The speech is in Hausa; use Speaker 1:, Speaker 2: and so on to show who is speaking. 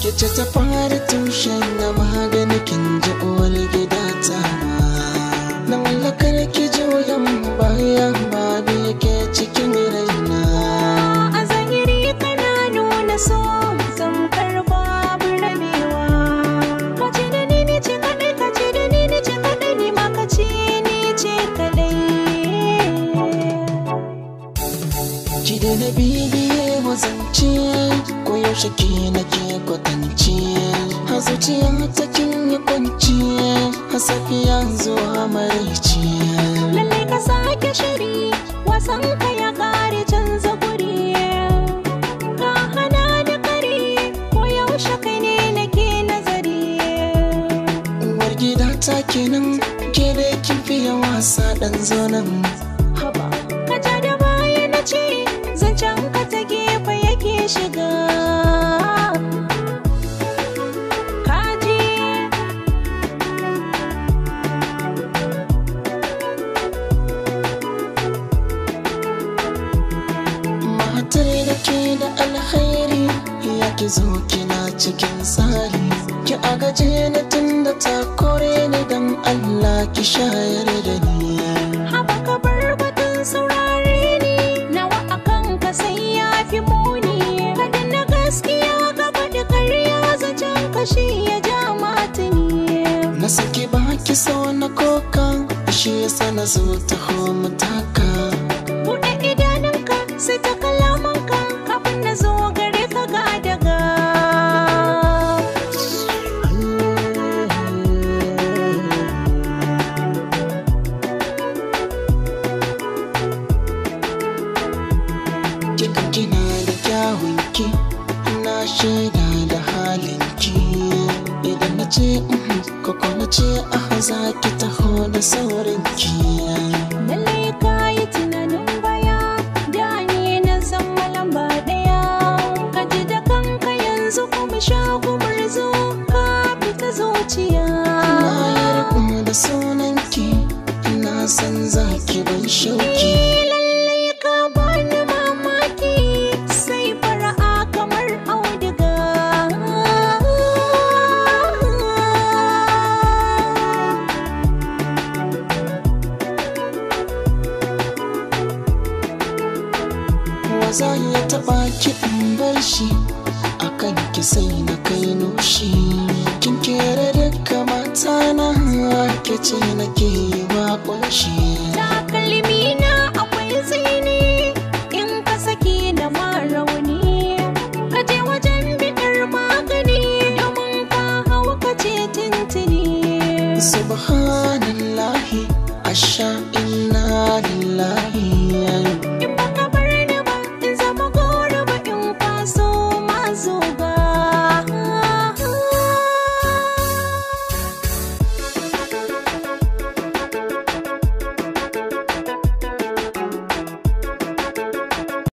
Speaker 1: kice ta fara tushen na magani kin ji uwar gida ta na mallakar ki juyan bayan babu ke cikin raina a zahiri kana nuna so zamkar babu rabewa ka ce da ni ni ce kadai ka ce da ni ni ce kadai ni ma ka ce ni ce kadai ki da bibiye mu zance yaushe ke nake kwatance a zuciya ta kin yi kwanci a safiya zuwa maraice lallai ka sake shiri wasan ka ya kare canza guri ka hana da kare ko yaushe kai ne nake nazari uwar gida ta kenan ke da kin fiye wasa dan zonan Matar da ke da alkhairi ya ki zo kina cikin tsari Ki a gaje na tun da ta kore ni don Allah ki shayar da ni Haba ka bar saurare ni nawa akan ka sai ya fi muni Faɗi na gaskiya ka faɗi karya zancen kashi ya ja matini Na saki baki sau na koka shi yasa na zo taho mutaka kika kina da kyawunki na shaida da halinki idan na ce koko mm-hmm, na ce aha ki taho da saurinki lalle ka yi tunanin baya da ni na san malamba ɗaya ka ji da kanka yanzu kuma sha gumurzo ka fita zuciya na yarda da sunanki ina san za ki ban shauki ba zan ya taba ki in bar shi akan ki na kai nushi kin kere duka mata na ke ce nake ba kunshi